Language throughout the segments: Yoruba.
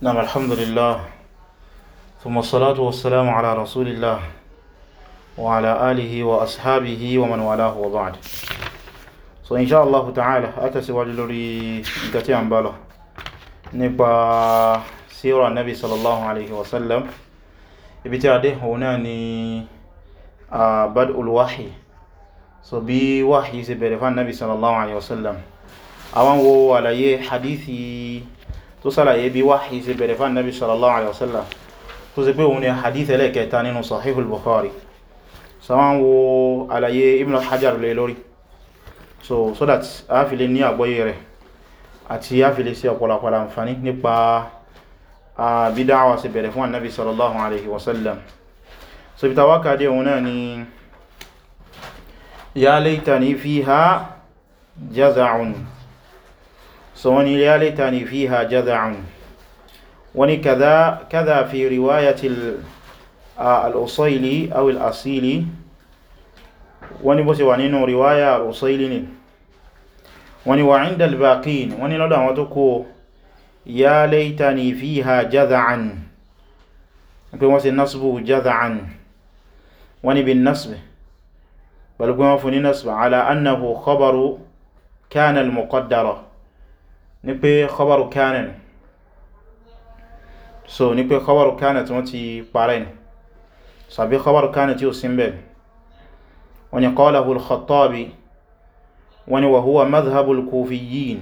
نعم الحمد لله ثم الصلاة والسلام على رسول الله وعلى آله وأصحابه ومن والاه وبعد so insha Allah ta'ala atasiwaju lórí nǹkan tí a ń bá lọ nípa síra nabi sallallahu alaihi wasallam ibi tí a dé òun náà ni a bad'ul wahyi so bí wahyi ṣe bẹ̀rẹ̀ fún nabi sallallahu alaihi wasallam àwọn wo àlàyé hadithi tó sàlàyé bí wáhí sí bẹ̀rẹ̀ fún nabi sallallahu alaihi wasallam tó sì pé òun ni hadith ẹlẹ́kẹta nínú sahihul bukhari sáwọn lè lórí so so that a fi lè ní àgbọ́yé rẹ̀ àti a fi lè sí ọ̀pọ̀lọpọ̀ àǹfàní nípa bí dáwà sí bẹ̀rẹ̀ so bí tawaka dé òun náà ni ya laitani so wani ya laitani fiha jaza'un wani kaza kaza fi riwayatil al-usaili aw al-asili wani bó ṣe wà nínú riwaya al-usaili ni wani wa inda al-baqin wani lọ́dọ̀ àwọn tó kó ya laitani fiha jaza'an pé wọ́n ṣe nasbu jaza'an wani bin nasbi balgwamfuni nasbi ala annahu khabaru kana muqaddara ní pé khabaru kana ni so ní pé khabaru kana tí wọ́n ti parẹ́ ni so àbí khabaru kana tí ó sí mbẹ̀ wọ́n ni qalahu al-Khattabi wọ́n ni wa huwa madhhabu al-Kufiyyin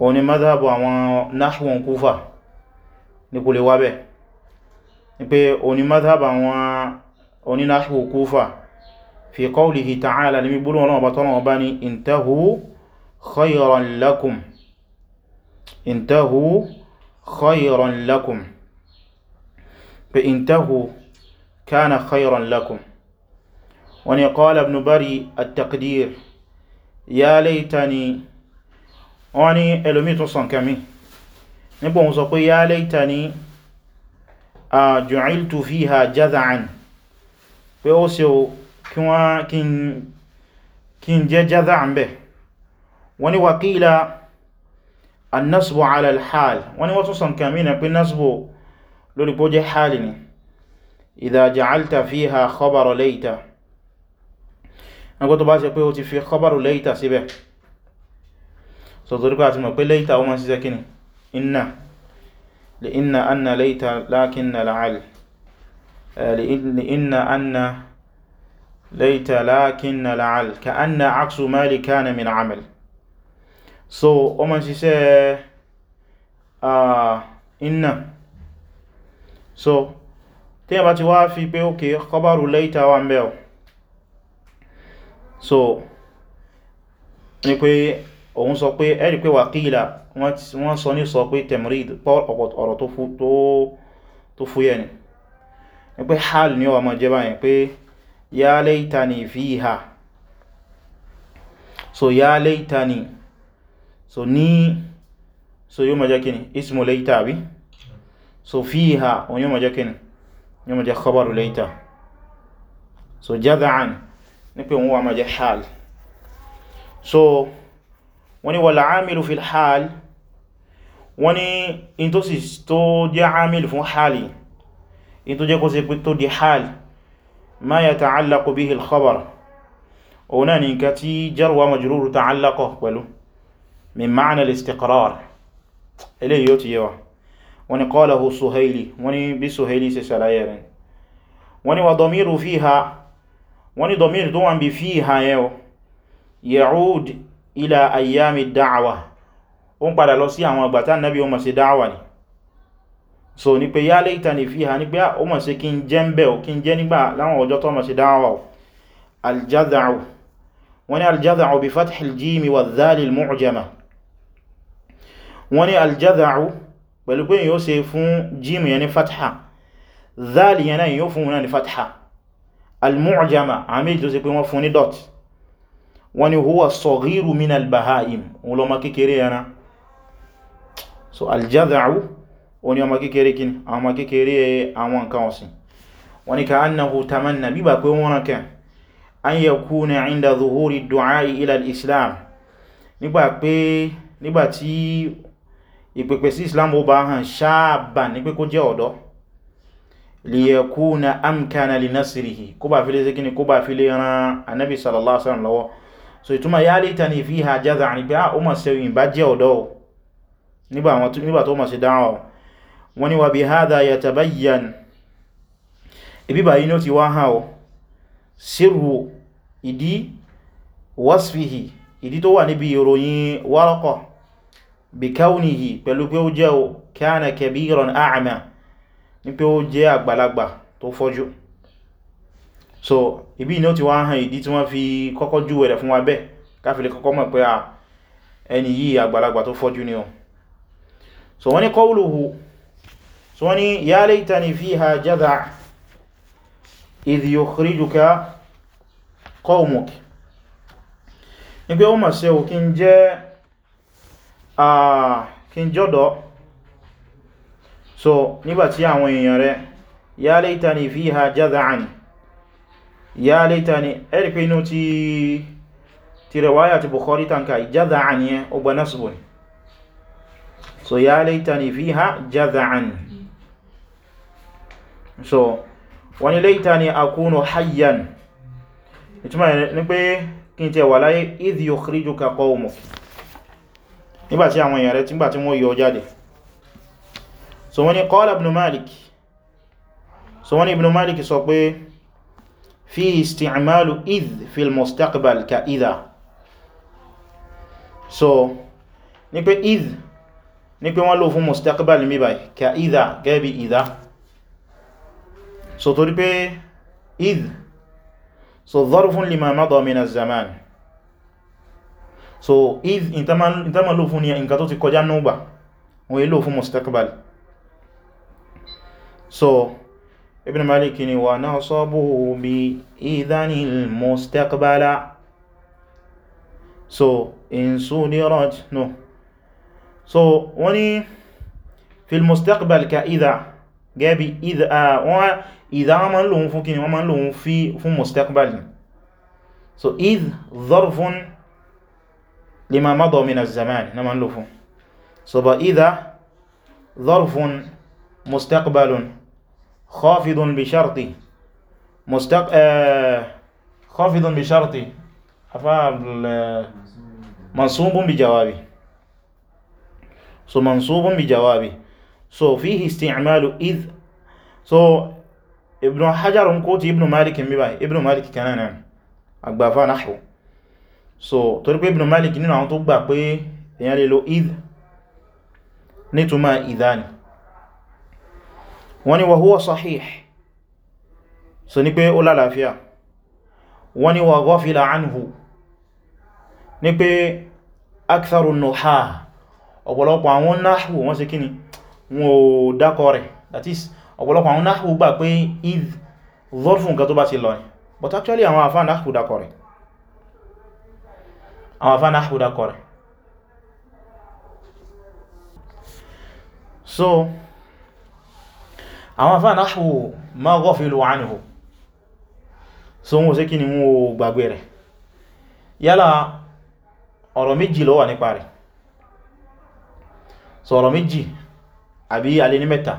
wọ́n ni madhhabu àwọn nahwun Kufa ní kò lè ní pé oní madhhabu àwọn oní nahwun Kufa fi qawlihi ta'ala ní gbólóhùn ọlọ́wọ́ bá tọ́lọ́wọ́ bá ní intahu khayran lakum intahu khayran lakum pé intahu kana khayran lakum wani qala ibn bari at-taqdir ya laitani wani ẹlòmí tún sọ nǹkan mi nígbà wọn sọ pé ya laitani a ju'iltu fiha jaza'an pé ó ṣe o kí wọ́n kí n jẹ́ jaza'an bẹ̀ wani wakila annasbu ala alhal wọ́n ní wọ́n tún sọ nǹkan mìíràn pé nasbu lórí pó jẹ́ hali ni idha ja'alta fiha khabara layta ẹgbẹ́ tó bá ṣe pé o ti fi khabaru layta síbẹ̀ so torí pé àti mọ̀ pé layta o ma ń ṣiṣẹ́ kíni inna li inna anna layta lakinna la'al li inna anna layta lakinna la'al ka anna aksu ma li kana min amal so o ma ṣiṣẹ́ inna so tí a bá ti wá fi pé ókè kọbárù laita wà ń bẹ̀ ọ̀ so ni pé òun sọ pé ẹ̀rì pé wàkílà wọ́n sọ ní sọ pé temrid ọ̀rọ̀ tó fúyẹ́ ni ni pé hal ni ọmọ jẹba yẹn pé ya laitani fiha so ya laitani so ní so yóò máa jẹ́ kíni ismu laita àbí so fiha òun yóò máa jẹ́ kíni yóò máa jẹ́ khabaru so jada'an ní pé wọ́n wà máa hal so wọ́n ni wal amilu fil hal wọ́n ni in tó sì tó jẹ́ amilu fún hali in tó jẹ́ kó sí pé tó di hal ma yata'allaqu bihi al khabar òun náà ni nǹkan tí jarwa majruru ta'allaqa pẹ̀lú min ma'na al-istiqrar eléyìí yóò ti yé wa wọ́n ní qalahu Suhaili wọ́n ní bí Suhaili ṣe ṣàlàyé rẹ̀ wọ́n ní wa damiru fiha wọ́n ní damiru tó wọ́n bí fiha yẹn ya'ud ila ayyami da'wa ó ń padà lọ sí àwọn àgbàtà nabi ó máa ṣe da'wa ni so ní pé ya laitani fiha ní pé ah, ó máa ṣe kí n jẹ́ ń bẹ̀ ó kí n jẹ́ nígbà láwọn da'wa al-jaza'u wọ́n ní al-jaza'u bi fathil wọ́n ní aljadha'u pẹ̀lú pé yíó ṣe fún jim yẹn ní fatha dhal yẹn náà yíó fún wọn ní fatha almu'jama àmì tó ṣe pé wọ́n fún ní dot wọ́n ní huwa saghiru min albaha'im wọ́n kékeré yana so aljadha'u wọ́n ní ọmọ kékeré kí àwọn ọmọ kékeré àwọn nǹkan ọ̀sìn wọ́n ní ka annahu tamanna bíbà pé wọ́n rán kẹ́ an yakuna inda zuhuri du'a ila islam nígbà pé nígbà tí ìpèpè sí islam ó bá hàn ṣáàbà ní pé kó jẹ́ ọ̀dọ́ liyakuna amkana li nasrihi kó bá fi lè síkíní kó bá fi lè ran anábi sallallahu alaihi wasallam lọ́wọ́ so ìtumọ̀ ya lè tani fi ha jaza ní pé ah, ó mọ̀ sí ìbá jẹ́ ọ̀dọ́ nígbà tó mọ̀ sí dáhọ̀ wọ́n ni wà bí hadha bikaunihi pẹ̀lú pé ó jẹ́ o kana kabiran a'ma ní pé ó jẹ́ àgbàlagbà tó fọ́jú so ibi ni ó ti wá hàn ìdí tí wọ́n fi kọ́kọ́ júwẹ̀ rẹ̀ fún wa bẹ́ káfílẹ̀ kọ́kọ́ mọ̀ pé ẹni yìí àgbàlagbà tó fọ́jú ni so wọ́n ni qawluhu so wọ́n ni ya laytani fiha jadha' idh yukhrijuka qawmuk ní pé Ah, kí n jọ́dọ̀ so nígbàtí àwọn èèyàn rẹ̀ ya laitani fiha jaza'an ya laitani ẹ̀rìpé inú ti ti rẹwáyà ti Bukhari tanka jaza'an yẹn ọgbà nasibun so ya laitani fiha jaza'an so wani laitani akunu hayyan ìtumọ̀ ní pé kí n tẹ wà láyé idh yukhrijuka qawmuk nígbàtí àwọn èèyàn rẹ̀ tí nígbàtí wọ́n yọ jáde so wọ́n ni qala ibn malik so wọ́n ni ibn malik sọ pé fi isti'malu idh fil mustaqbal ka idha so ní pé idh ní pé wọ́n lò fún mustaqbal mi báyìí ka idha gẹ́bí idha so torí pé idh so zarfun lima madha min az-zaman so if ìtẹ́mà lò fún ní nǹkan tó ti kọjá nùgbà wọ́n yí lò mustaqbal so ibn malik ni wa nasabu bi idhanil mustaqbala so in sudirat no so wọ́n ní fil mustaqbal ka idha gẹ́bi idha wọ́n ma ń lòun fún kí ni wọ́n ma ń lòun mustaqbal so idh zarfun لما مضى من الزمان نما صبا إذا ظرف مستقبل خافض بشرط مستق... آه، خافض بشرط منصوب بجوابه سو منصوب بجوابه سو فيه استعمال إذ سو ابن حجر كوتي ابن مالك ابن مالك كان نعم أقبافا نحو so torí pé Ibn Malik nínú àwọn tó gbà pé èyàn lè lo idh nítúmà ìdáni wọ́n ni wa huwa sahih so ní pé ó lálàáfíà wọ́n ni wa ghafila anhu ní pé aktharu nuhaha ọ̀pọ̀lọpọ̀ àwọn náhù wọ́n ṣe kíni wọn ò dákọ rẹ̀ that is ọ̀pọ̀lọpọ̀ àwọn náhù gbà pé idh zọ́rfún nǹkan tó but actually àwọn àfáà náhù dákọ rẹ̀ àwọn afá náà rẹ̀ so àwọn afá náà hù ma ghafilu anhu so wọ́n sí kí ni wọ́n gbàgbé rẹ̀ yálà ọ̀rọ̀ méjì ló nípa rẹ̀ so ọ̀rọ̀ méjì àbí alẹ́ ní mẹ́ta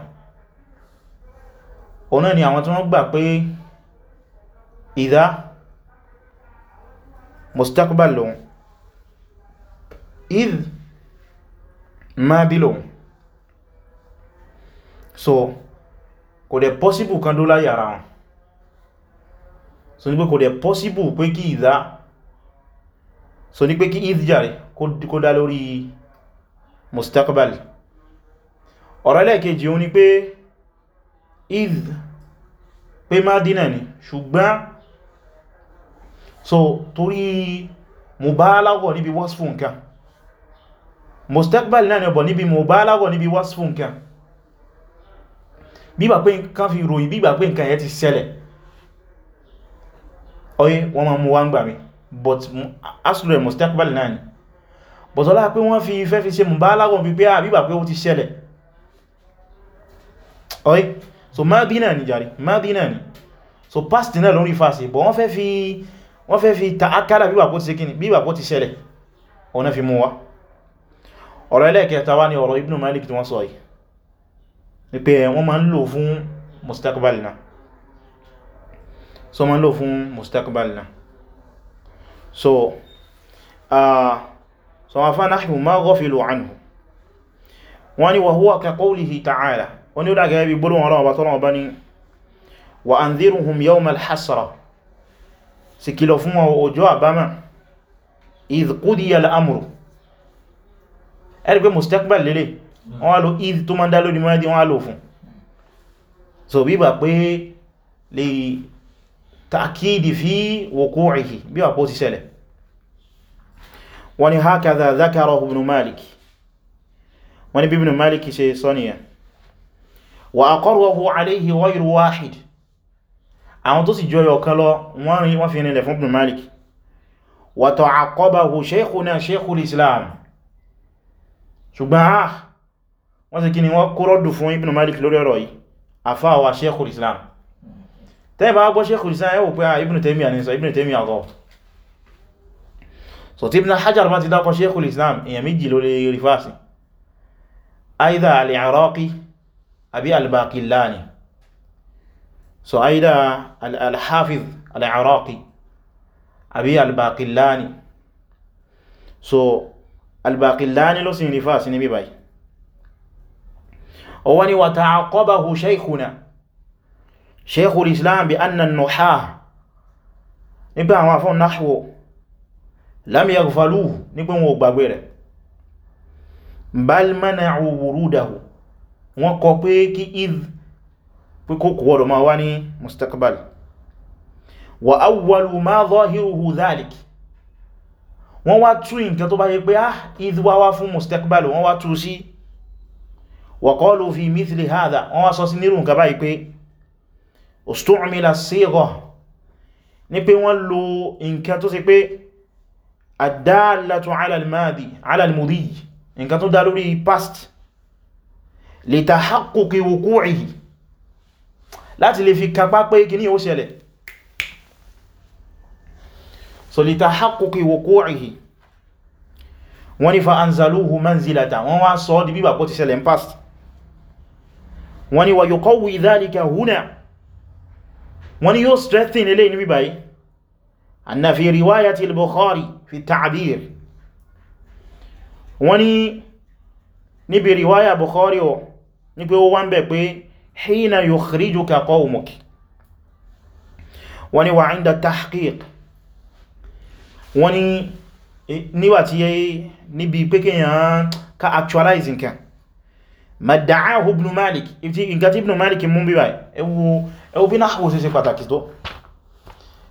ọ̀nà ni àwọn tí wọ́n gbà pé ìdá mustaqbal lòun idh máàdí lòun so kò dẹ̀ possible kan dó láyàrá wọn so ní pé kò dẹ̀ possible pé kí ìdá so ní pé kí ìdíjàrí kó dá lórí mustaqbal ọ̀rọ̀ ẹlẹ́ẹ̀kejì o ní pé ìd pé mádínà ni ṣùgbọ́n so torí mubálàgọ̀ níbi wasfu nǹkan mustaqbal náà ni ọbọ̀ níbi mubalaghah níbi wasfu nǹkan bíbà pé nǹkan fi ròyìn bíbà pé nǹkan yẹn ti ṣẹlẹ̀ ọyé wọ́n ma mú wá ń gbà mí but aslu ẹ̀ mustaqbal náà ni but ọlá pé wọ́n fi fẹ́ fi ṣe mubalaghah fi pé à bíbà pé ó ti ṣẹlẹ̀ ọyé so madi náà ni jàrí madi náà ni so past náà lórí fásí but wọ́n fẹ́ fi wọ́n fẹ́ fi ta'akala bíbà pó ti ṣe kíni bíbà ti ṣẹlẹ̀ ọ̀nà fi mú wá ọ̀rọ̀ ẹlẹ́ẹ̀kẹta wá ní ọ̀rọ̀ Ibn Malik tí wọ́n sọ yìí ni pé wọ́n ma ń lò fún mustaqbalina so ma ń lò fún mustaqbalina so so ma fa nahnu ma ghafilu anhu wọ́n ni wa huwa ka qawlihi ta'ala wọ́n ni ó dágẹ́ bí gbọ́dọ̀ wọn ẹ̀rí pé mustaqbal lélẹ̀ hmm. wọ́n lò ìdí tó máa ń dá lórí mọ́dí wọ́n lò fún so bí bà pé lè ta'kidi fi wuqu'ihi bí bà pé ó ti ṣẹlẹ̀ wọ́n ni hakadha dhakarahu ibn Malik wọ́n ni bí ibn ṣe sọ́niyà wa aqarrahu alayhi ghayru wahid àwọn tó sì jọyọ̀ kan lọ wọ́n rí wọ́n fi rinlẹ̀ fún ibn Malik wa ta'aqqabahu shaykhuna shaykhul Islam ṣùgbọ́n ah wọ́n ṣe kí ni wọ́n kó rọ́dù fún Ibn Malik lórí ọ̀rọ̀ yìí àfáà wa Sheikhul Islam tẹ́ẹ̀bá gbọ́ Sheikhul Islam ẹwò pé ah, Ibn Taymiyyah ní sọ Ibn Taymiyyah àgọ́ so tí Ibn Hajar bá ti dákọ Sheikhul Islam èyàn méjì ló lè rí fásí aida al-Iraqi àbí al so aida al-Hafiz al-Iraqi àbí al so Al-Baqillani ló sì ń rífà sí níbi báyìí ọwọ́ ni wa ta'aqqabahu shaykhuna shaykhul islam bi anna an-nuhah nígbà àwọn afọ́n nahwu lam yaghfaluhu nígbà wọn ò gbàgbé rẹ̀ bal mana'u wurudahu wọ́n kọ pé kí idh pé kó kò wọ́dọ̀ ma wá ní mustaqbal wa awwalu ma zahiruhu dhalik wọ́n wá tú nǹkan tó bá yẹ pé ah ìdíwáwá fún mustakbal wọ́n wá tú sí wa qalu fi mithli hadha wọ́n wá sọ sí nírù nǹkan báyìí pé ustu'mila sigha ní pé wọ́n lo nǹkan tó sì pé ad-dallatu ala tó dá lórí past li tahaqquqi wuqu'ihi láti lè fi kapá pé kí ní ó ṣẹlẹ̀ so li tahaqquqi wuqu'ihi wọ́n ní fa anzaluhu manzilata wọ́n wá sọ di bíbà kó ti ṣẹlẹ̀ past wọ́n ní wa yuqawwi dhalika huna wọ́n ní yóò strengthen ilé ní bíbà yìí anna fi riwayati al-bukhari fi ta'bir wọ́n ní níbi riwaya bukhari o ní pé ó wá ń bẹ̀ hina yukhrijuka qawmuki wọ́n wa 'inda tahqiq wọ́n ni eh, níwàtí yẹ eh, níbi pé kíyàn ká actualize nǹkan madda'ahu ibn malik nǹkan tí ibn malik mú bí báyìí ẹwọ bí nahwu ṣe ṣe pàtàkì tó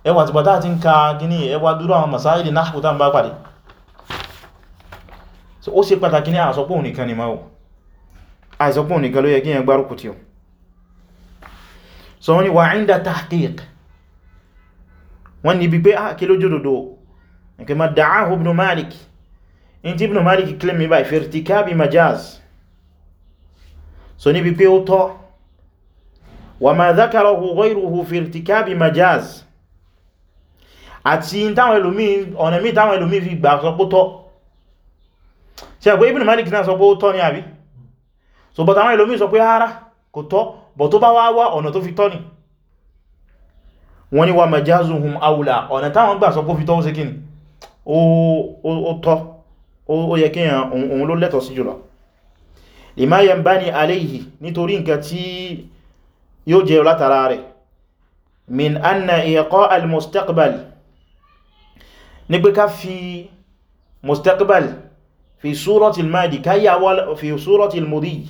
ẹwà tí bàtà ti ń ka gini ẹwà dúró àwọn masáìlì nahwu tá ń bá pàdé ó ṣe pàtàkì ní àsọpọ̀ nìkan ni máa àìsọpọ̀ nìkan ló yẹ kíyàn gbárùkù tí ó so wọ́n ni wà 'inda tahqiq wọ́n ni bí pé á ah, kí lójú dòdò nke ma da'ahu ibn malik in ti ibn malik claim by firtikabi majaz so níbi pé ó tọ́ wa ma dhakarahu ghayruhu firtikabi majaz àti táwọn ẹlòmí ọ̀nà mí táwọn ẹlòmí fi gbà sọ pó tọ́ ṣe àgbé ibn malik náà sọ pó tọ́ ní àbí so but àwọn ẹlòmí sọ pé ara kò tọ́ but tó bá wá wá ọ̀nà tó fi tọ́ ni wọ́n ni wa majazuhum awla ọ̀nà táwọn gbà sọ pó fi tọ́ ó ṣe ó tọ́ ó yẹ kí òun ló lẹ́tọ̀ sí jùlọ lima yanbani alayhi nítorí nǹkan tí yóò jẹ́ látara rẹ̀ min anna iqa al-mustaqbal ní pé ká fi mustaqbal fi surati al-madi fi surati al-mudi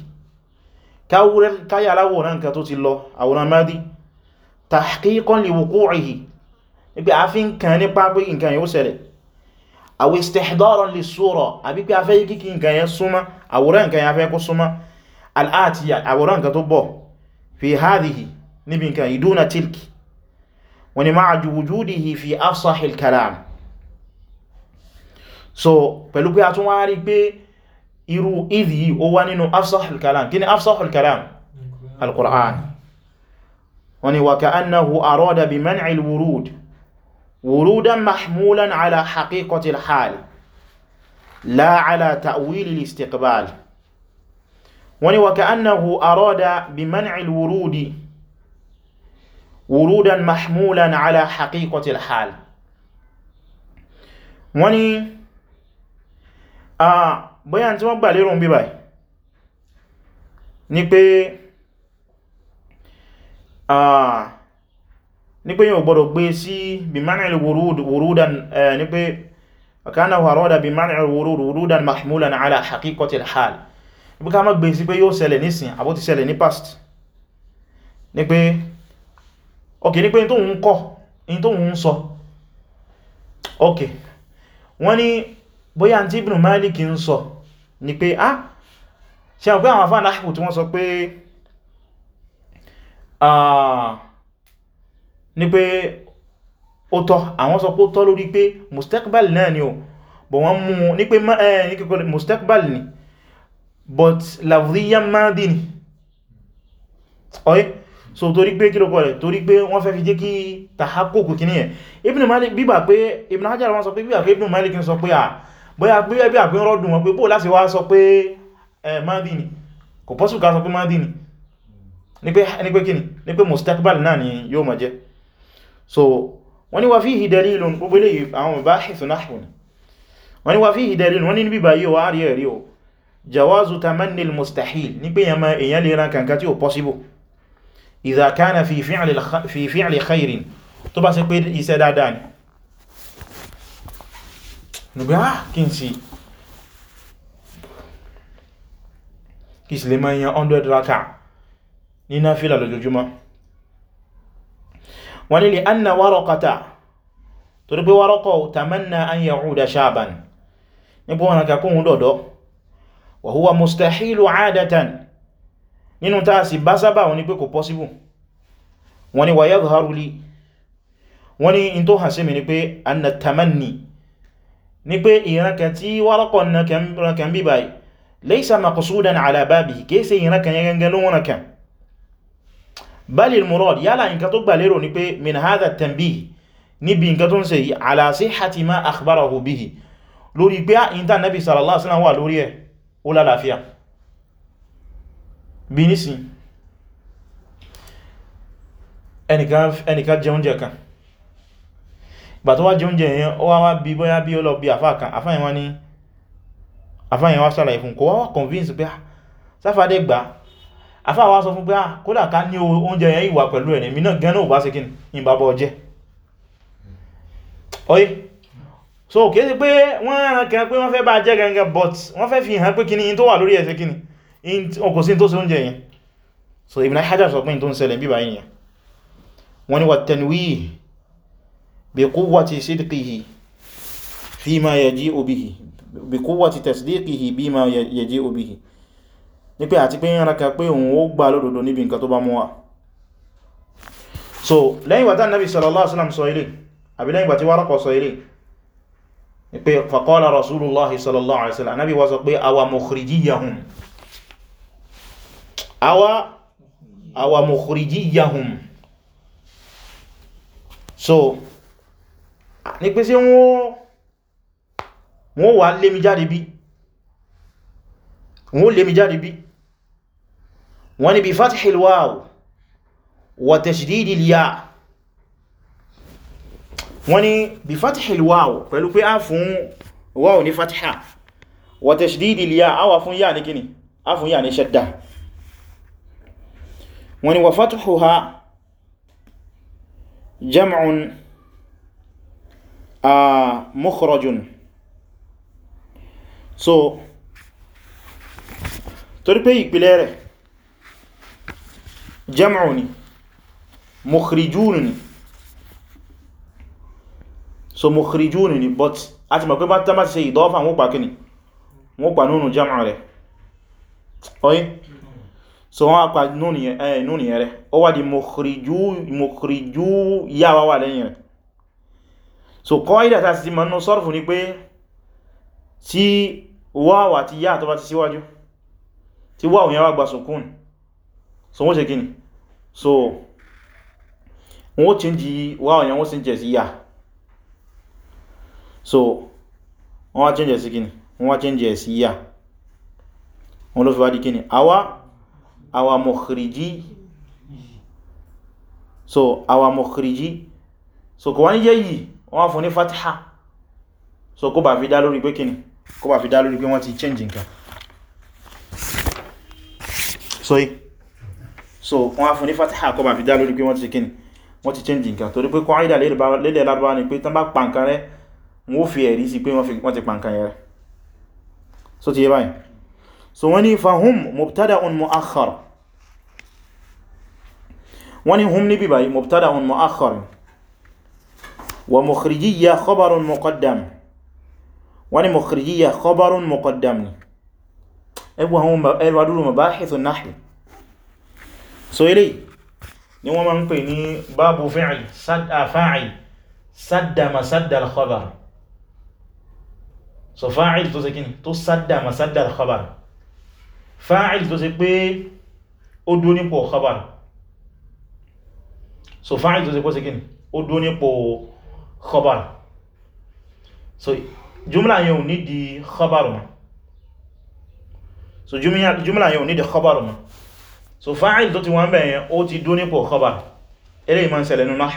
káyà láwòrán nǹkan tó ti lọ àwòrán madi tahqiqan li wuqu'ihi ní pé a fi nǹkan nípa pé nǹkan yóò ṣẹlẹ̀ aw istihdaran lis-sura àbí pé a fẹ́ kíkí nǹkan yẹn súnmọ́ àwòrán nǹkan yẹn a fẹ́ kó súnmọ́ al-atiya àwòrán nǹkan tó bọ̀ fi hadhihi níbi nǹkan yìí tilki wa ni ma'a wujudihi fi afsahil kalam so pẹ̀lú pé a tún wá rí pé irú ìdí yìí ó wá nínú afsahil kalam kí ni afsahil kalam wurudan mahmulan ala haqiqati al-hal la ala ta'wil al-istiqbal wani wa ka'annahu arada bi man'i al-wurudi wurudan mahmulan ala haqiqati al-hal wani a bayan tí wọ́n gbà lérò bí báyìí ni pé a ní pé yíò gbọ́dọ̀ gbé sí bí mánàlì wòrúdàn ní pé kánà wàrọ́dà bí mánàlì wòrúdàn mahmulan ala hakikoti hal bí ká má past ní pé ok ní pé tóhun kọ́ in tóhun sọ ok wọ́n ní bóyá tí Ibn Malik ń sọ ní pé ah ṣe àwọn àwọn afáànà àpò tí wọ́n sọ pé ah ní pé ó tọ́ àwọn sọ pé ó tọ́ lórí pé mustakbal náà ni o bọ̀ wọ́n mú ní pé eh, ní kíkọ́ mustakbal ni but lafziyan madi ni ọ̀yẹ́ so torí pé kí ló kọ́ rẹ̀ torí pé wọ́n fẹ́ fi jẹ́ kí tàhákòkò kì ní ẹ̀ Ibn Malik bíbà pé Ibn Hajar wọ́n sọ pé bíbà pé Ibn Malik sọ pé à ah, bóyá pé ẹbí àpín rọ́dùn wọn pé bóò láti wá sọ pé ẹ eh, madi ni kò pọ́sù ká sọ pé madi ni ní pé kíni ni, pé mustakbal náà ni yóò máa jẹ́ so wọ́n ni wà fihi dalilun gbogbo ilé àwọn bá ṣìtún náhùn wọ́n ni wà fihi dalilun wọ́n ni níbi báyí wà rí ẹ̀rí o jawazu tamanni al-mustahil ní pé yàmà èyàn lè ran kankan tí ó possible idha kana fi fi'li khairin tó bá ṣe pé iṣẹ́ dáadáa ni nùgbé á ah, kí n sí kí sì lè máa yan wọ́n nílé anna wárọ̀kọta tó rí pé wárọ̀kọ̀ tamanna an ya'uda shaban nígbó wọn ka kóhun dọ̀dọ̀ wa huwa mustahilu adatan nínú ta sì bá sábà wọn ni pé kò pọ́síbù wọ́n ni wa yadhharu li wọ́n ni in tó hàn sí mi ni pé anna tamanni ni pé ìrankẹ tí wárọ̀kọ̀ na kẹ balil murad yálà nǹkan tó gbà lérò ní pé min hadha tanbih níbi nǹkan tó ń ṣe yìí ala sihhati ma akhbarahu bihi lórí pé a ah, ìntà nabi sallallahu alaihi wasallam wà lórí ẹ̀ ó lálàáfíà bí nísìn ẹnìkan jẹunjẹ kan gbà tó wá jẹunjẹ yẹn ó wá wá bí bóyá bí ó lọ bí àfáà kan àfáà yẹn wá ní àfáà yẹn wá ṣàlàyé fún kò wá convince pé ah, sáfàdé gbà afá wa sọ fún pé ah, kódà ká ní oúnjẹ yẹn ìwà pẹ̀lú ẹ̀nì mi náà gẹ́nà ò bá ṣe kí ní bàbọ̀ jẹ́ ọ̀yí so kìí sí pé wọ́n rán kẹ́ pé wọ́n fẹ́ bá jẹ́ gẹ́gẹ́ but wọ́n fẹ́ fi hàn pé kí ní tó wà lórí ẹ̀ṣẹ́ kí ní kò sí tó sí oúnjẹ yẹn ní pé àti pé ń raka pé òun ó gbà lódodo níbi nǹkan tó bá mú wá so lẹ́yìn wà tán nabi sallallahu alaihi wasallam sọ ilé àbí lẹ́yìn wà tí wárọ́kọ̀ sọ ilé ní pé faqala rasulullahi wọ́n wà lémi jáde bí wọ́n ni bí fatihil wáw wà tashdidil yá wọ́n ni bí fatihil wáw pẹ̀lú pé a fún wáw ní fatiha wà tashdidil yá a wà fún yá ní kíni a fún yá ní shadda wọ́n ni wà fatihuha jam'un a mukhrajun so torí pé ìpìlẹ̀ rẹ̀ jam'u ni mukhrijun ni so mukhrijun but a ti mọ̀ pé bá tán bá ti ṣe ìdọ́fà wọ́n pa kíni wọ́n pa nínú jam'u rẹ̀ oyin so wọ́n pa nínú eh, yẹn rẹ̀ ó wà di mukhriju yáwa wà lẹ́yìn rẹ̀ so kọ́ ìdàtà sí mọ̀ nínú sọ́rọ̀fù ni pé tí wáwà ti yá àtọ́bá ti síwájú tí wáwà yẹn wá gba sùkún so wọ́n ṣe kíni so wọ́n change wáwọ̀ yẹn wọ́n change sí yà so wọ́n wá change sí kíni wọ́n wá change sí yà wọ́n ló fi wá di kíni àwa àwa mukhriji so àwa mukhriji so kò wá ní jẹ́ yìí wọ́n fún ní fatiha so kó bá fi dá lórí pé kíni kó bá fi dá lórí pé wọ́n ti change nǹkan so yìí so wọ́n á fún ní fatiha kọ́ ma fi dá lórí pé wọ́n ti kíni wọ́n ti change nǹkan torí pé kọ́nrídà lédè lárúbáwá ni pé tán bá pa nǹkan rẹ̀ wọ́n fi ẹ̀rí sí pé wọ́n ti pa rẹ̀ so ti yé báyìí so wọ́n ní fahum mubtada'un mu'akhkhar wọ́n ní hum níbi báyìí mubtada'un mu'akhkhar wa mukhrijiyya so eléyìí ni wọ́n ma ń pè ní báàbù fi'l fa'il saddama saddal khabar so fa'il tó ṣe kíni tó saddama saddal khabar fa'il tó ṣe pé ó dó nípò khabar so fa'il tó ṣe pé ó ó dó khabar so jùmlà yẹn ní di khabar ma so jùmlà yẹn ní di khabar ma so fa'il tó ti wọ́n bẹ̀yẹn ó ti dún nípò khabar eré ìmọ̀ ìṣẹ̀lẹ̀ nínú náà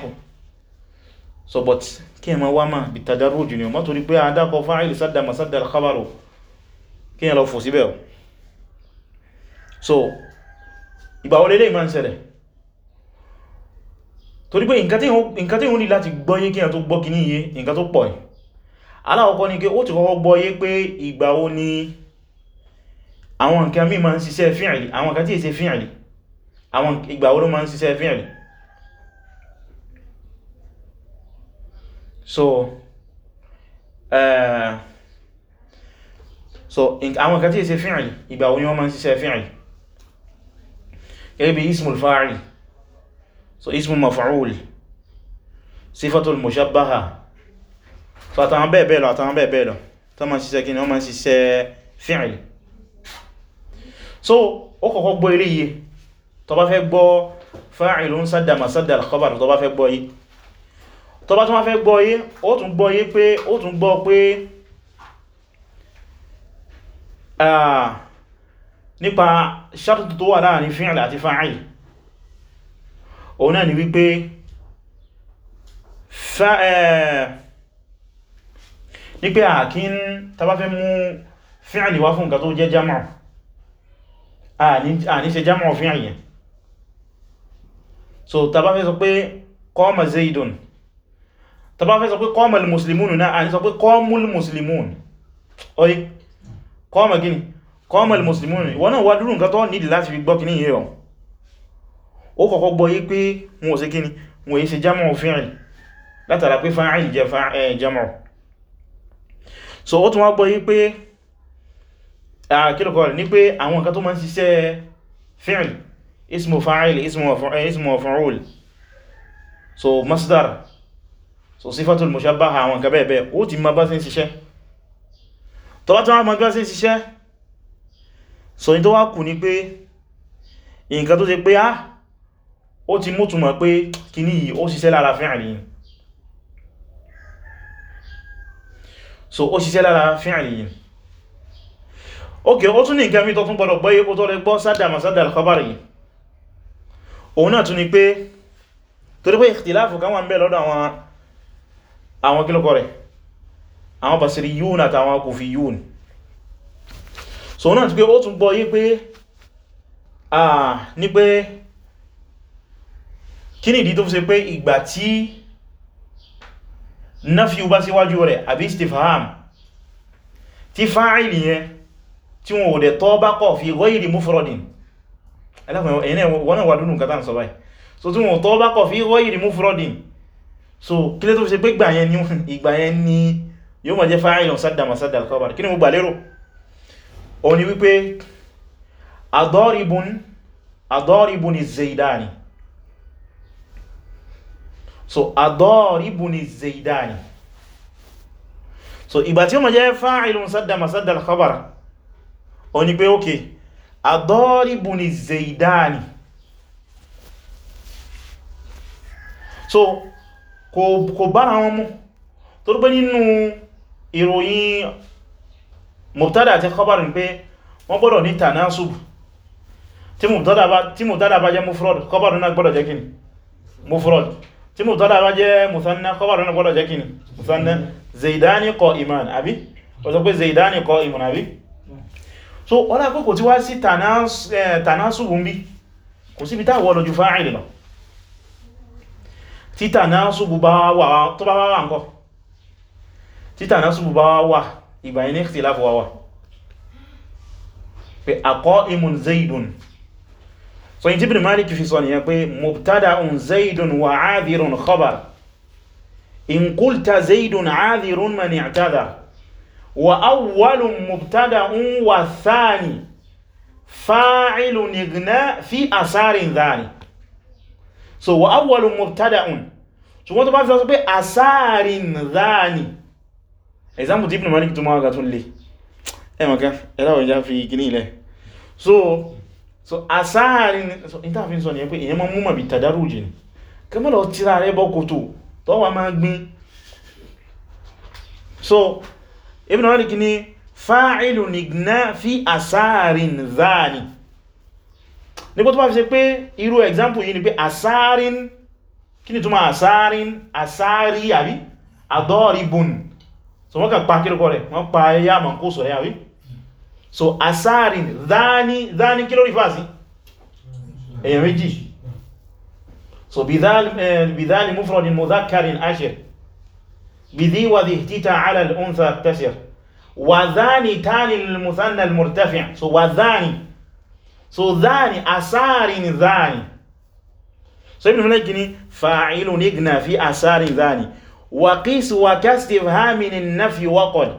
so but kí ẹ ma wá máa bí tadarruj ni mọ́ torí pé adákọ̀ fa'il sadda masadda al-khabaru kí ẹ lọ fò síbẹ̀ so ìgbà wọlé lè ìmọ̀ ìṣẹ̀lẹ̀ torí pé nǹkan tí ó ní láti gbọ́yé kí ẹ tó gbọ́ kì ní iye nǹkan tó pọ̀ aláwọ̀kọ́ ni pé àwọn nǹkan mí ma ń ṣiṣẹ́ fíìlì àwọn nǹkan tí è ṣe fíìlì àwọn ìgbà wo ma ń ṣiṣẹ́ fíìlì so eh, so àwọn nǹkan tí è ṣe fíìlì ìgbà wo ni wọ́n ma ń ṣiṣẹ́ fíìlì gẹ́gẹ́ bí ismul fa'il so ismul maf'ul sifatul mushabbaha so àtàwọn bẹ́ẹ̀ bẹ́ẹ̀ lọ àtàwọn bẹ́ẹ̀ bẹ́ẹ̀ lọ tó ma ń ṣiṣẹ́ kí ni wọ́n ma ń ṣiṣẹ́ fíìlì so ó kọ́kọ́ gbọ́ eré yìí tó bá fẹ́ gbọ́ fa'ilun sadda ma sadda al-khabar tó bá fẹ́ gbọ́ yìí tó bá tún fẹ́ gbọ́ yìí ó tún gbọ́ yìí pé ó tún gbọ́ pé nípa ṣartu tó wà láàrin fi'il àti fa'il òun náà ni wípé ní pé àkín tá fẹ́ mú fi'il wá fún nǹkan tó jẹ́ jama'a àní ṣe jámọ̀ fún àyẹ̀ so tàbá fẹ́ sọ pé qama zaidun tàbá fẹ́ sọ pé qama al-muslimun náà àní sọ pé qamu al-muslimun oye qama gini qama al-muslimun wọ́n náà wá dúrù nǹkan tó nídì láti fi gbọ́ kìíní yíò ó kọ́kọ́ gbọ́ yí pé wọn ò ṣe kíní wọn èyí ṣe jámọ̀ fi'l látara pé fa'il jẹ́ eh, jámọ̀ so kílùkọ́ rẹ̀ ní pé àwọn nǹkan tó ma ń ṣiṣẹ́ fi'l ismu fa'il ismu fa'ul so masdar so sífàtul mushabbaha àwọn nǹkan bẹ́ẹ̀ bẹ́ẹ̀ ó ti ma bá sí ṣiṣẹ́ tó bá ma bá sí ṣiṣẹ́ so ní tó wá kù ní pé nǹkan tó ṣe pé á ah, ó ti mú túnmọ̀ pé kíní yìí ó ṣiṣẹ́ lára fi'l yìí so ó ṣiṣẹ́ lára fi'l yìí ok ó tún ní nǹkan mítọ́ tún gbọdọ̀ gbọ́yé kó tó rẹ gbọ́ sádàmà sádà al-khabari yìí òun náà tún ni pé torí pé ikhtilafu kan wà ń bẹ lọ́dọ̀ àwọn àwọn kílọ́kọ̀ rẹ̀ àwọn basiriyun àtàwọn kufiyun so náà tún pé ó tún gbọ́yé pé à ní pé kí ni ìdí tó fi ṣe pé ìgbà tí nafiu bá síwájú rẹ̀ àbí istifham ti fa'ili yẹn tí wọn ò dẹ̀ tọ́ bá kọ̀ fi ghairi mufradin ẹlẹ́kùnrin ẹ̀yìn wọ́n náà wà dúnù kátà ń sọ báyìí so tí wọn ò tọ́ bá kọ̀ fi ghairi mufradin so kí lé fi pé ìgbà ni ìgbà ni yóò máa jẹ́ fa'ilun sadda masadda al-khabar kí ni mo gbà lérò òun wípé adọ́ribun adọ́ribun so ìgbà tí ó máa jẹ́ fa'ilun sadda masadda al o ní pé ókè adọ́rìbù ni zaidani so kò bára wọn mú tó rúgbé nínú ìròyìn mubtada àti khabar ní pé wọ́n gbọ́dọ̀ ní tanasub tí mubtada bá jẹ́ mufrod khabar náà gbọ́dọ̀ jẹ́ kíni mufrod tí mubtada bá jẹ́ musanna khabar náà gbọ́dọ̀ jẹ́ kíni musanna zaidani qa'iman àbí ó sọ pé àbí so ọlá pé kò tí wá sí tànásùbù eh, ń bí kò síbi táwọ̀ lójú fa'il lọ tí tànásùbù bá wà tó bá wà ńkọ́ tí tànásùbù bá wà ìgbà yìí ní ikhtilafu wà pé aqaimun zaidun so in Ibn Malik fi sọ nìyẹn pé mubtada'un zaidun wa 'adhirun khabar in qulta zaidun 'adhirun man i'tadha wa awwalun mubtada'un wa thani fa'ilun igna fi asarin dhani so wa awwalun mubtada'un so wọ́n tó fi sọ pé asarin dhani example tí Ibn Malik tó máa ga tún lè ẹmọ̀ká ẹ̀láwọ̀ ìjá fi gini ilẹ̀ so so asarin so ìtàfin sọ ni pé èyàn mọ́ múmọ̀ bí tàdárùjì ni kẹmọ́lọ̀ tíra rẹ bọ́ kòtò tọ́wà máa gbin so Ibn Malik ní fa'ilu nigna fi asarin zani ní kó tó bá fi ṣe pé irú example yìí ni pé asarin kí ni túnmà asarin asari àbí adọ́ribun so wọ́n kà pa kílùkọ́ rẹ̀ wọ́n pa ẹyà mọ̀ kó sọ̀rẹ̀ àbí so asarin zani zani kí lórí fásí èyàn méjì so bidhali eh, mufrodin mudhakarin ashir بذي وذي على الأنثى اكتسر وذاني تاني للمثنى المرتفع so وذاني so ذاني أسار ذاني so ابن هناك جني فاعل نقنا في أسار ذاني وقيس وكاستف هامن النفي وقل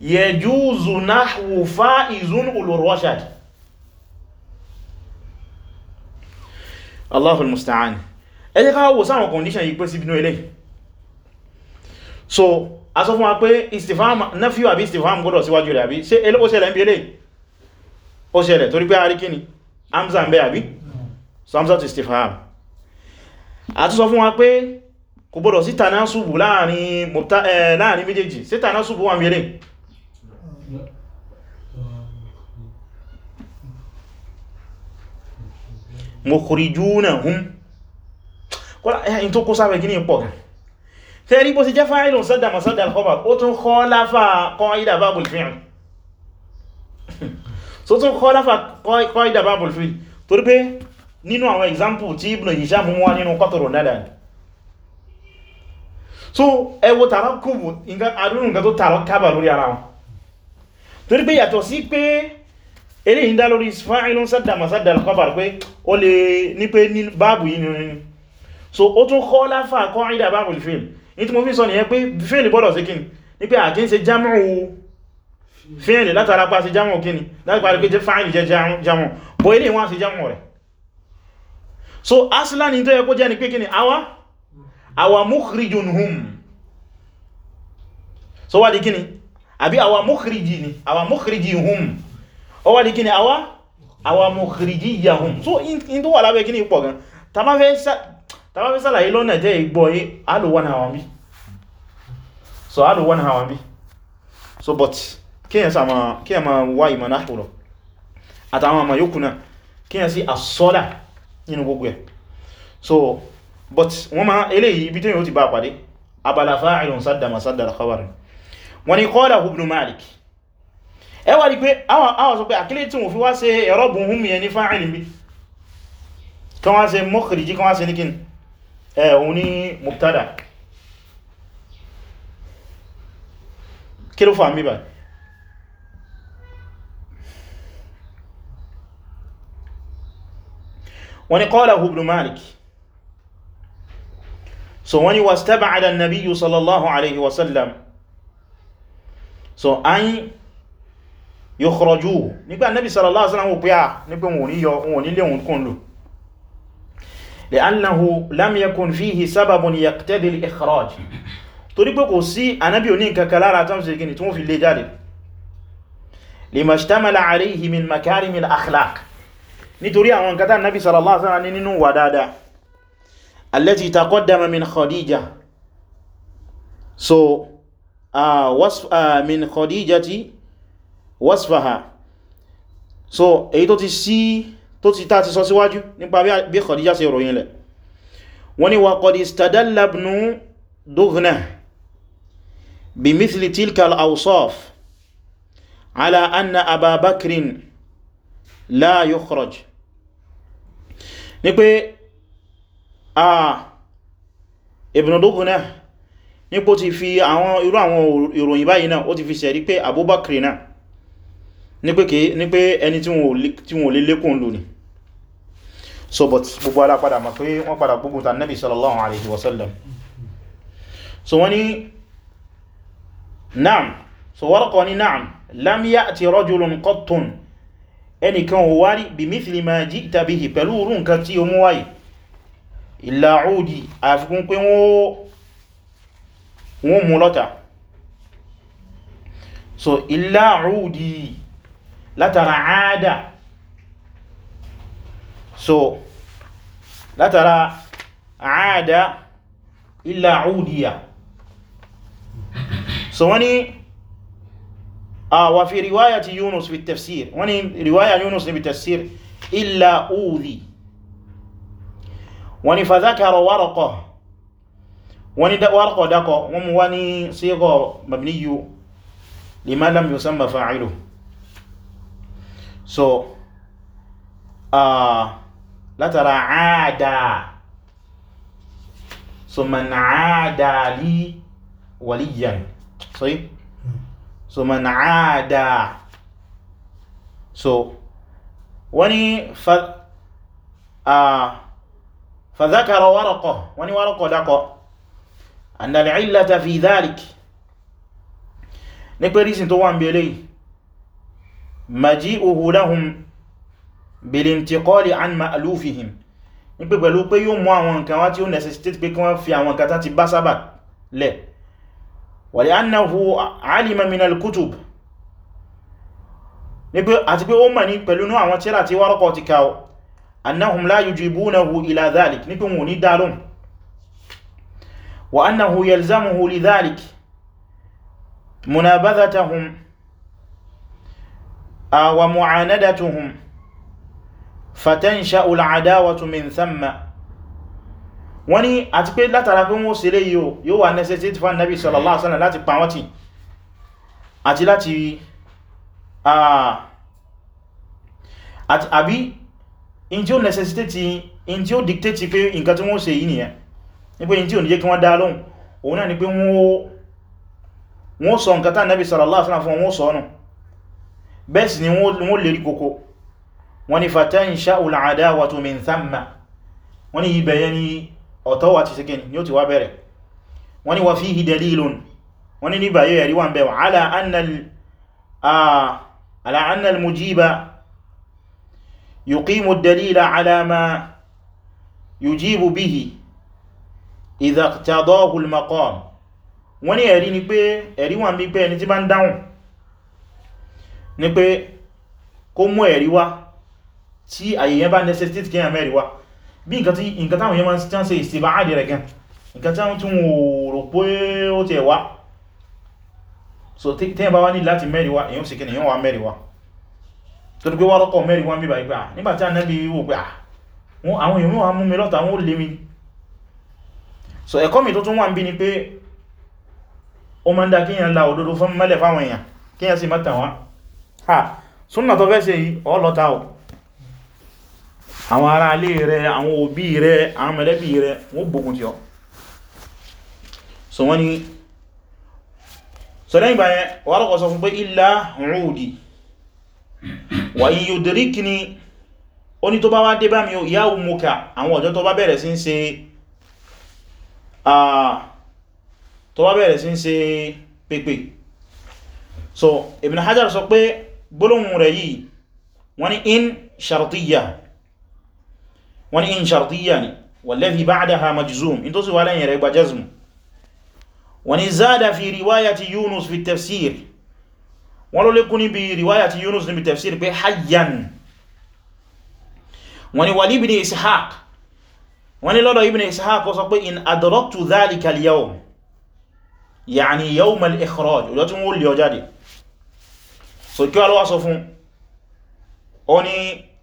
يجوز نحو فائز أولو الرشد الله المستعان ẹjẹ́ káwọ́ sáwọn condition yìí pẹ́ sí ibinu eléyìí so a sọ fún wa pé istifam nafiu àbí istifam gbọ́dọ̀ síwájú rẹ̀ àbí ṣe elé ó ṣẹlẹ̀ ń bí elé ó ṣẹlẹ̀ torí pé àrí kíni hamza ń bẹ àbí so hamza to istifam a tún sọ fún wa pé kò gbọ́dọ̀ sí tanasubu láàrin eh, méjèèjì sí tanasubu wà mẹ́lẹ̀ mukhrijunahum kọ́lá ẹ̀yìn eh, tó kó sáfẹ́ gíní pọ̀ gan tẹ́rí bó sì jẹ́ fa'ilun sadda masadda al-khabar ó tún khalafa qaida babul fi'l so tún khalafa qaida babul fi'l torí pé nínú àwọn example tí Ibn Hisham mú wá nínú qatru nadal so ẹwọ tààrà kúbù àdúrùn nǹkan tó tààrà kábà lórí ara wọn torí pé yàtọ̀ sí pé eré ìdá lórí fa'ilun sadda ní so ó tún khalafa qaida babul fi'l ní tí mo fi sọ nìyẹn pé fíìlì bọ́dọ̀ sí kíni ní pé àkí ń ṣe jámù fíìlì látara pa sí jámù kíni látara pé jẹ́ fáìlì jẹ́ jámù bọ́ ilé wọ́n sí jámù rẹ̀ so aslan ní tó yẹ kó jẹ́ ni pé kíni awa awa mukhrijun hum so wá di kíni àbí awa mukhriji ni awa mukhriji hum ó wá di kíni awa awa mukhriji yahum so in tó wà lábẹ́ kíni pọ̀ gan ta ma tàbí fi sàlàyé lọ́nà jẹ́ ìgbọ́ yí alùwọ́n àwọn bí so alùwọ́n àwọn bí so but kíyàn sàmà kíyàn ma wá ìmọ̀ náà rọ̀ àtàwọn àmà yóò kùnà kíyàn sí àsọ́lá nínú gbogbo ẹ̀ so but wọ́n ma eléyìí ibi tí yóò ti bá pàdé abala fa'ilun saddama saddara khabarin wọ́n ni qala ibn malik ẹ wà ní pé àwọn sọ pé àkílẹ̀ tí wọ́n fi wá ṣe ẹ̀rọ bùn hún mi ẹni fa'ilin bí kan wá ṣe mọ́kìrìjí kan wá ṣe ní kíni ẹ̀ òun ní mubtada kí ló fà mí báyìí wọ́n ni qalahu ibn Malik so wọ́n ni wastab'ada an-nabiyyu sallallahu alaihi wasallam so an yukhrajuhu nígbà nabi sallallahu alaihi wasallam wò pé à ah, nígbà wọn ò ní yọ wọn لأنه لم يكن فيه سبب يقتضي الإخراج torí pé kò sí ànábì oní nǹkankan lára tó ń ṣe gini tó ń fi lè jáde lima ishtamala alayhi min makarimi al-akhlaq nítorí àwọn nǹkan tá ànábì sallallahu alaihi wasallam nínú wà dáadáa allati taqaddama min khadija so wasf min khadijati wasfaha so èyí tó ti sí tó ti tá ti sọ síwájú nípa bí Khadija ṣe ròyìn lẹ̀ wọ́n ni waqad istadalla ibn Dughnah bimithli tilka al-awsaf ala anna Aba Bakrin la yukhraj ní pé a ibn Dughnah nípo ti fi àwọn irú àwọn ìròyìn báyìí náà ó ti fi sẹ̀rí pé Abubakar náà pé ẹni tí wọ́n lè lékún lónìí so but gbogbo alápadà mọ̀ pé wọ́n padà gbógun ta nabi sallallahu alaihi wasallam so wani na'am so Waraqa ni na'am lam ya'ti rajulun qattun ẹnìkan ò wá rí bi mithli ma ji'ta bihi pẹ̀lú orú nǹkan tí o mú wáyé illa udi àfikún pé wọ́n mú lọ́ta so illa udi látara àádá so látara àádá illa udiya so wani a wa fi riwaya ti yunus fi tafsir wani riwaya yunus ni bi tafsir illa udi wani fa zakara warqa wani da warqa dako wani wani sigo mabniyu lima lam fa'ilu so ah uh, látara àádá so man àádá lí waliyan so yí so man àádá so wani fàzákàrọ wárọ̀kọ̀ wani wárọ̀kọ̀ dákọ̀ annal illata fi dhalik ní pé rísìn tó wà ń bèèrè maji'uhu lahum bilintiqali an ma'lufihim ní pé pẹ̀lú pé yóò mú àwọn nǹkan wá tí ó necessitate pé kí wọ́n fi àwọn nǹkan tán ti bá sábà lẹ̀ wa li'annahu alima min al-kutub àti pé ó mọ̀ ní pẹ̀lú ní àwọn tírà tí Waraqa ti káwọ́ annahum la yujibunahu ila dhalik ní pé wọn ní dálùn wa annahu yalzamuhu li dhalik munabadhatahum wa mu'anadatuhum fatansha'u al-adawatu min thamma wọ́n ní àti pé látara pé wọ́n ṣe lé yóò wà necessity fún Nabi sallallahu alaihi wasallam láti pa wọ́n tì àti láti àbí in tí ó necessitate in tí ó dictate pé nǹkan tí wọ́n ṣe yìí nìyẹn ní pé in tí ò ní jẹ́ kí wọ́n dá lóhùn òun náà ni pé wọ́n ni fatansha'u al-'adawatu min thamma wọ́n ni ibẹ̀yẹ ni ọ̀tọ́ wà ti síkín ni ó ti wá bẹ̀rẹ̀ wọ́n ni wa fihi dalilun wọ́n ni níbàyẹ̀ yẹ̀rí wà ń bẹ̀wọ̀ ala anna al-mujiba yuqimu wọ́n ni ẹ̀rí ni pé tí àyèyàn bá necessitate kíyàn mẹ́rin wá bí nǹkan táwọn yẹn máa tí wọ́n ṣe àdì rẹ̀ gan nǹkan tí wọ́n tún rò pé ó ti ẹ̀wá so tẹ́yìn bá wá ní láti mẹ́rin wá èyàn sì kí ni wá mẹ́rin wá tó ní wá rọ́kọ̀ mẹ́rin wá bíbá wá mú mi lọ́ta wọ́n lè pé ó àwọn ará ilé rẹ àwọn òbí rẹ àwọn mẹ̀lẹ́bí rẹ wọ́n gbógun ti ọ so wọ́n ni so lẹ́yìn báyẹn wà rọ̀kọ̀ sọ fún pé illa rúdì wà in yudrikni ó ní tó bá wá dé bá mi ó ìyá umuka àwọn ọjọ́ tó bá bẹ̀rẹ̀ sí ń ṣe so Ibn Hajar sọ pé gbólóhùn rẹ̀ yìí wọ́n ni in shartiyya wọ́n ní in shartiya ni wallazi ba'daha majzum in tó sì wà lẹ́yìn rẹ̀ gba jazmu wọ́n ní zada fi riwayati yunus fi tafsir wọ́n ló lékún níbi riwayati yunus níbi tafsir pé hayyan wọ́n ní wali ibn ishaq wọ́n ní lọ́dọ̀ ibn ishaq sọ pé in adraktu dhalika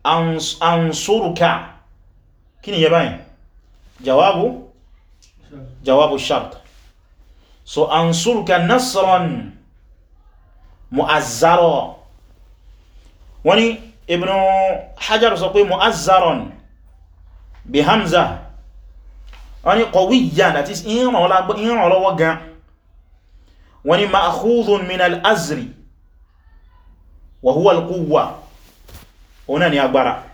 ansuruka kí ni yẹ báyìí jawabu jawabu shart so ansurka nasran mu'azzaro wani ibn hajar sọ pé mu'azzaron bi hamza wani qawiyyan that is ìran lọ́wọ́ gan wani ma'khudhun min al-azri wa huwa al-quwwa ni agbára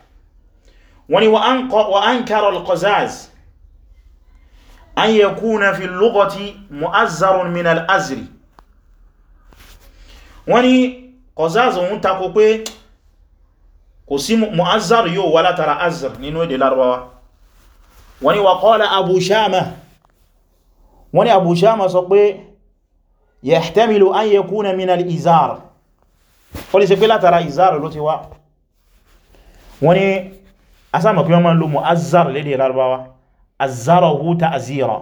wọ́n ni wa ankara al-Qazaz an yakuna fi al-lughati mu'azzarun min al-azri wọ́n ni Qazaz òun tako pé kò sí mu'azzar yóò wá látara azr nínú èdè Lárúbáwá wọ́n ni wa qala Abu Shama wọ́n ni Abu Shama sọ pé yahtamilu an yakuna min al-izar ó lè pé látara izar ló ti wá wọ́n ni a sáàmà pé wọ́n máa ń lo mu'azzar lédè larabawa azzarahu ta'zira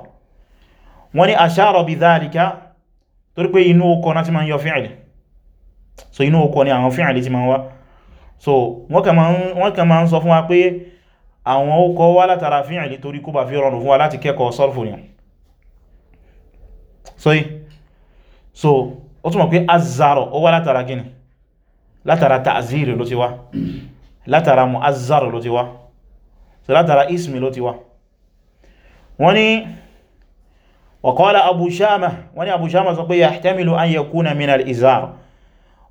wọ́n ni ashara bi dhalika torí pé inú okọ̀ náà ti máa ń yọ fi'li so inú okọ̀ ni àwọn fi'li ti máa ń wá so wọ́n kà máa ń sọ fún wa pé àwọn okọ̀ wá látara fi'li torí kó bá fi rọrùn fún wa láti kẹ́kọ̀ọ́ sọ́rfù so so ó túnmọ̀ pé azzaro ó wá látara gini látara ta'ziri ló ti wá látara mu'azzar ló ti wá so látara ismi ló ti wá wọ́n ni waqala Abu Shama wọ́n ni Abu Shama sọ pé yahtamilu an yakuna min al-izar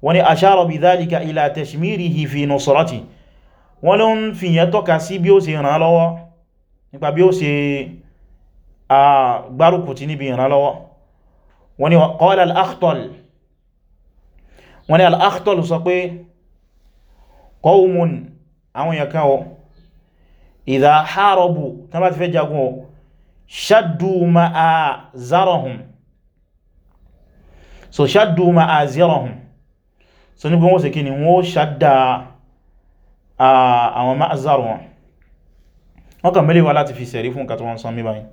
wọ́n ni ashara bi dhalika ila tashmirihi fi nusrati wọ́n ló ń fi yẹn tọ́ka sí bí ó ṣe ràn nípa bí ó ṣe gbárùkù ti níbi ràn wọ́n ni waqala al-Akhtal qawmun àwọn èèyàn kan o idha harabu tán bá ti fẹ́ jagun o shaddu ma'azarahum so shaddu ma'azarahum so ní bí wọ́n ṣe kí ni wọ́n ṣadda àwọn ma'azar wọn wọ́n kàn mẹ́lẹ̀wà láti fi sẹ̀rí fún kàtàwọn sọmí báyìí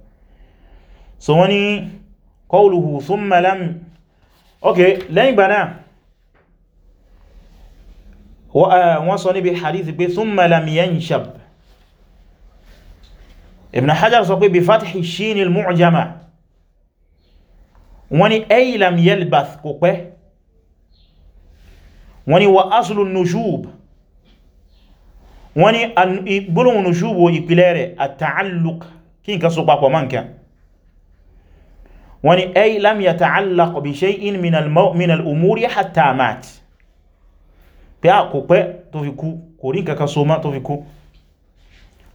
so wọ́n ni qawluhu thumma lam ok lẹ́yìn gbanáà Eh, wọ́n sọ níbi hadithi pé thumma lam yanshab ibn hajar sọ pé bí fathi shinil mu'jama wọ́n ni ay lam yalbath kò pẹ́ wọ́n ni wa aslu nushub wọ́n ni gbólóhùn nushubo ìpìlẹ̀ rẹ̀ at-ta'alluq kí n ka so papọ̀ mọ́nkẹ́ wọ́n ni ay lam yata'allaq bi shay'in min al hatta mat pé à ah, kò pẹ́ tó fi kú kò rí kankan so mọ́ tó fi kú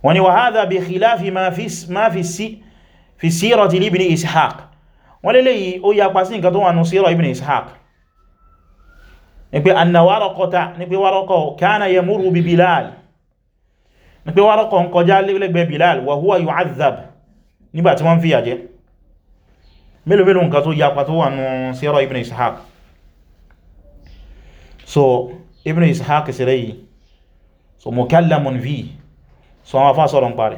wọ́n ni wa hadha bi khilafi ma fi sirati ibn ishaq wọ́n lélẹ̀ yìí ó yapa sí nǹkan tó wà nù sírọ̀ ibn ishaq ni pé anna waraqata ni pé waraqo kana yamuru bi bilal ni pé waraqo ń kọjá lẹ́gbẹ̀ẹ́ bilal wa huwa yu'adhab nígbàtí wọ́n fìyà jẹ mélòó nǹkan tó yapa tó wà nù sírọ̀ ibn ishaq so ibn ishaq sí so mukallamun fi so wọn fásọ rọ̀ ń parí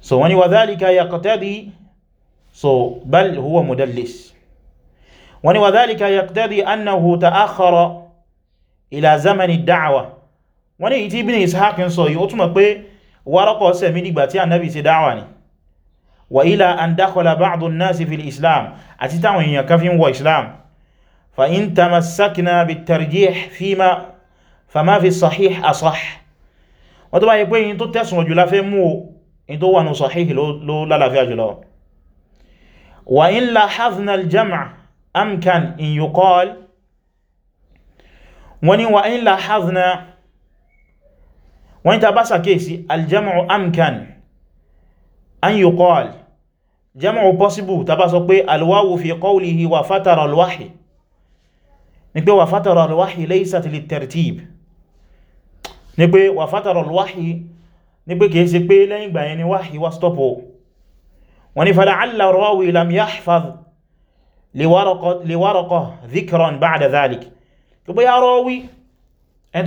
so wani wa dhalika yaqtadi so bal huwa mudallis wani wa dhalika yaqtadi annahu ta'akhkhara ila zamani da'wa wani iti ibn ishaq ń sọ yìí ó túmọ̀ pé Waraqa sẹ̀mí nígbà tí annabi ṣe da'wa ni wa ila an dakhala ba'du nasi fil islam àti táwọn èèyàn kan fi ń wọ islam فإن تمسكنا بالترجيح فيما فما في الصحيح أصح wọ́n tó bá yẹ pé yìí tó tẹ̀sùn ojú láfẹ́ mú o in tó wà ní sọ̀híhì ló lálàáfíà jùlọ wà in la hazna aljama amkan in yi kọ́l wọ́n ni wà in la hazna wọ́n ni ta bá sàkéèsí aljama amkan an yi kọ́l jama possible ta bá sọ pé alwawu fi qawlihi wa fatara alwahi ní pé wà fátàrà alwáhì laysat lit-tartib ní pé wà fátàrà alwáhì ní pé kìí ṣe pé lẹ́yìn ìgbà yẹn ni wáhì wá stọ́pọ̀ wọ́n ni fala'alla rawi lam yahfaz li Waraqa dhikran ba'da dhalik tó bóyá rawi ẹni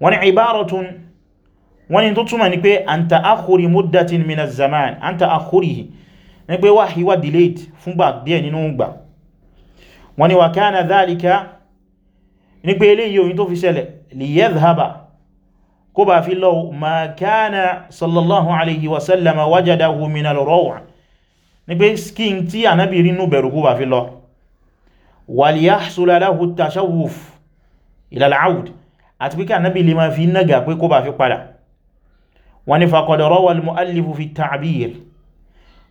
wọ́n ni ibaratun wọ́n ni tó túnmà ní pé an ta'akhuri muddatin minaz zaman an ta'akhurihi ní pé wá híwá delayed fúngbà díẹ̀ nínú gbà wọ́n ni wa kana dhalika ní pé eléyìí oyin tó fi ṣẹlẹ̀ li yadhhaba kó bá fi lọ ma kana sallallahu alaihi wasallama wajadahu min al-raw' ní pé skin tí Ànábì rínú bẹ̀rù kó bá fi lọ wal yahsul lahu at-tashawwuf ila al-'awd àti pé kí ànábì lè máa fi nága pé kó bá fi padà wọ́n ni fàkọ̀dọ̀rọ̀ wà al-mu'allifu fi ta'bir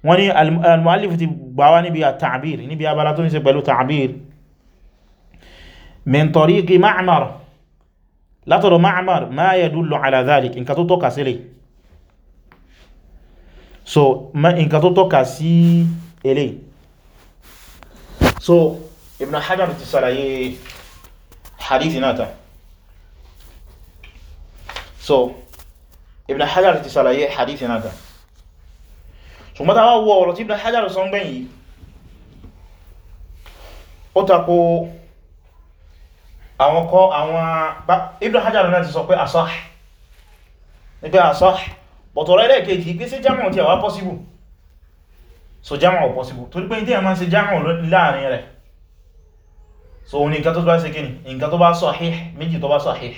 wọ́n ni eh, al-mu'allifu ti gbáwá níbi ta'bir níbi abala tó ń ṣe pẹ̀lú ta'bir min tariqi ma'mar látọ̀dọ̀ ma'mar ma yadullu ala dhalik nǹkan tó tọ́ka sílẹ̀ so so ibn hajar ti ṣàlàyé hadithi náà gan ṣùgbọ́n tàbí wọ ọ̀rọ̀ tí ibn hajar sọ gbẹ̀yìn ó tako àwọn kọ́ àwọn ibn hajar náà ti sọ pé asah ní pé asah bọ̀tọ̀rọ̀ ẹlẹ́ẹ̀kejì pé sí jamu ti àwá possible so jamu ò possible torí pé ìdíyàn máa ń ṣe jamu láàrin rẹ̀ so ní nǹkan tó bá ṣe kíni nǹkan tó bá sahih méjì tó bá sahih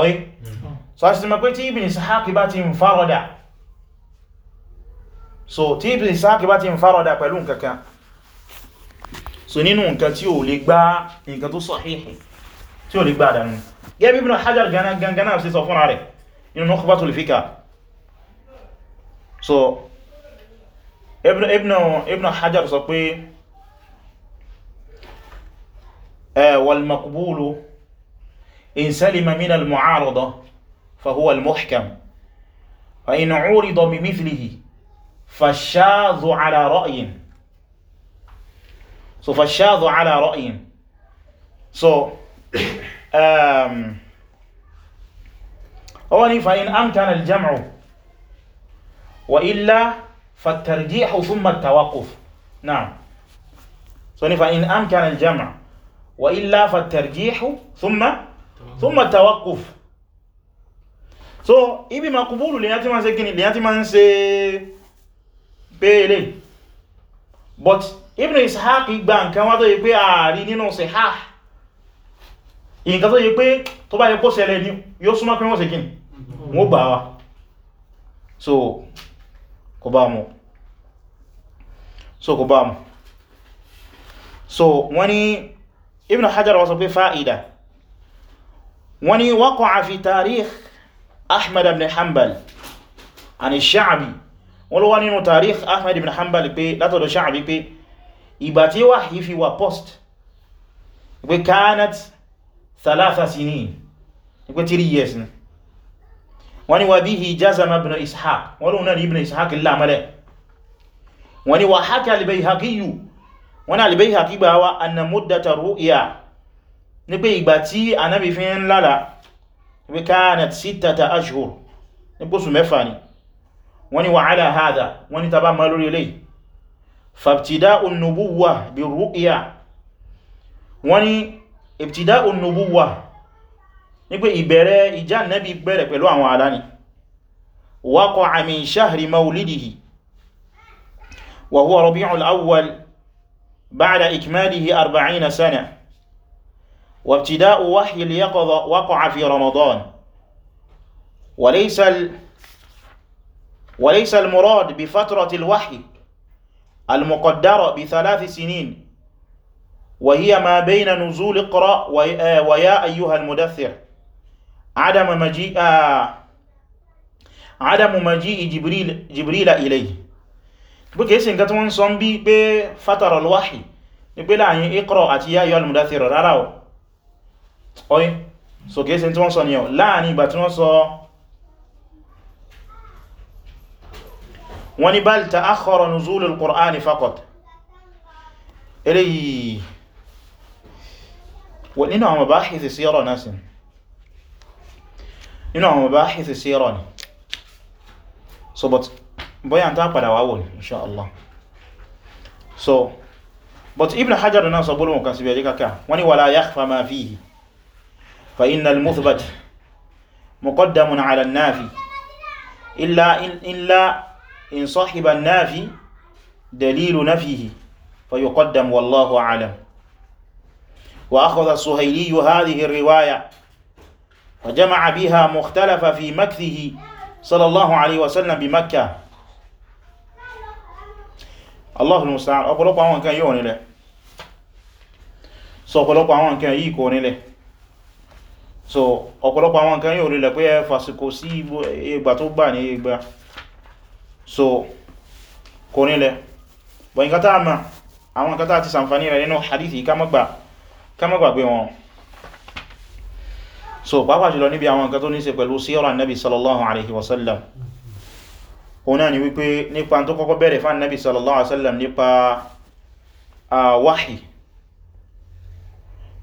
ọ̀yí mm-hmm. so a ṣe mọ̀ pé tí Ibn Ishaq bá ti ń fárọ̀dà so tí Ibn Ishaq bá ti ń fárọ̀dà pẹ̀lú nǹkankan so nínú nǹkan tí ó lè gbá nǹkan tó sọ̀híhì tí ó lè gbá dànù gẹ́bí Ibn Hajar gangan sí so fúnra rẹ̀ nínú Nukhbatul Fikr so Ibn Hajar sọ pé eh, wal maqbulu إن سلم من المعارضة فهو المحكم فإن عورض بمثله فالشاذ على رأي so فالشاذ على رأي so um, أولي فإن أمكن الجمع وإلا فالترجيح ثم التوقف نعم so فإن أمكن الجمع وإلا فالترجيح ثم thumma tawaqquf so ibi ma kúbúrù lèyàn tí ma ṣe kíni lèyàn tí ma ń ṣe but Ibn Ishaq gba nǹkan wá tó yí pé ààrí nínú sahih nǹkan tó yí pé tó bá yẹ kó ṣẹlẹ̀ ní yóò súnmọ́ pé wọ́n ṣe kíni wọ́n gbà wá so kò bá mọ̀ so kò bá mọ̀ so wani ní Ibn Hajar wá sọ pé fa'ida wọ́n ni waqa'a fi tarikh ahmad ibn hanbal àni sha'abi wọ́n ló wá nínú tarikh ahmad ibn hanbal pé látọ̀dọ̀ sha'abi pé ìgbà tí wà yí fi wà post pé kanat thalatha sinin pé 3 years ni wọ́n ni wà bihi jazama ibn ishaq wọ́n lóun náà ibn ishaq lámọ́lẹ̀ wọ́n ni wà haka al-bayhaqi wọ́n ni al-bayhaqi gbáwa anna ní pé ìgbà tí anábi fi ń lára wí kanat sittata ashhur ní pósù mẹ́fà ni wọ́n ni wa ala hadha wọ́n ni tàbá ma lórí ilé fabtida'u nubuwa bi ru'ya wọ́n ni ibtida'u nubuwa ní pé ìbẹ̀rẹ̀ ìjá nẹ́bí bẹ̀rẹ̀ pẹ̀lú àwọn aláni waqa'a min sana وابتداء وحي اليقظة وقع في رمضان وليس وليس المراد بفترة الوحي المقدرة بثلاث سنين وهي ما بين نزول اقرأ ويا, آه، ويا أيها المدثر عدم مجيء آه، عدم مجيء جبريل, جبريل إليه بك يسين تون صنبي بفترة الوحي نقول عن اقرأ أتيا أيها المدثر رأوا ọ́yí so gẹ́ẹ̀sẹ̀ tí wọ́n sọ ni nìyàn láàrin ìgbà tí wọ́n sọ wọ́n ní bal ta'akhkhara nuzulul Qur'ani faqat eléyìí nínú àwọn mabahithi sira náà sí nínú àwọn mabahithi sira ni so but bóyá ta padà wáwò ní insha Allah so but Ibn Hajar náà sọ bólúmù kan sí bí ẹjẹ́ kaka wọ́n ní wala yakhfa ma fihi فإن المثبت مقدم على النافي إلا إن, إلا إن صاحب النافي دليل نفيه فيقدم والله أعلم وأخذ الصهيلي هذه الرواية فجمع بها مختلف في مكثه صلى الله عليه وسلم بمكة الله المستعان أقول لكم أولا كان يوني له سأقول لكم أولا كان له so ọ̀pọ̀lọpọ̀ àwọn nǹkan yóò rí lẹ̀ pé ẹ fàsìkò sí ìgbà tó gbà ní ìgbà so kò nílẹ̀ bọ̀ nǹkan tá àmà àwọn nǹkan tá àti sàǹfàní rẹ̀ nínú hadithi kámọ́gbàgbé wọn so pàápàá jùlọ níbi àwọn nǹkan tó ní ṣe pẹ̀lú síra nabi sallallahu alaihi wasallam òun ni wípé nípa tó kọ́kọ́ bẹ̀rẹ̀ fán nabi sallallahu alaihi wasallam nípa ah, wáhì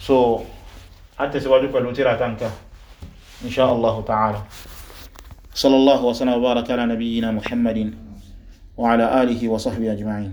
so a tẹ̀síwájú pẹ̀lú tíra tanka insha Allah ta'ala sallallahu wa sallam wa baraka ala nabiyyina muhammadin wa ala alihi wa sahbihi ajma'in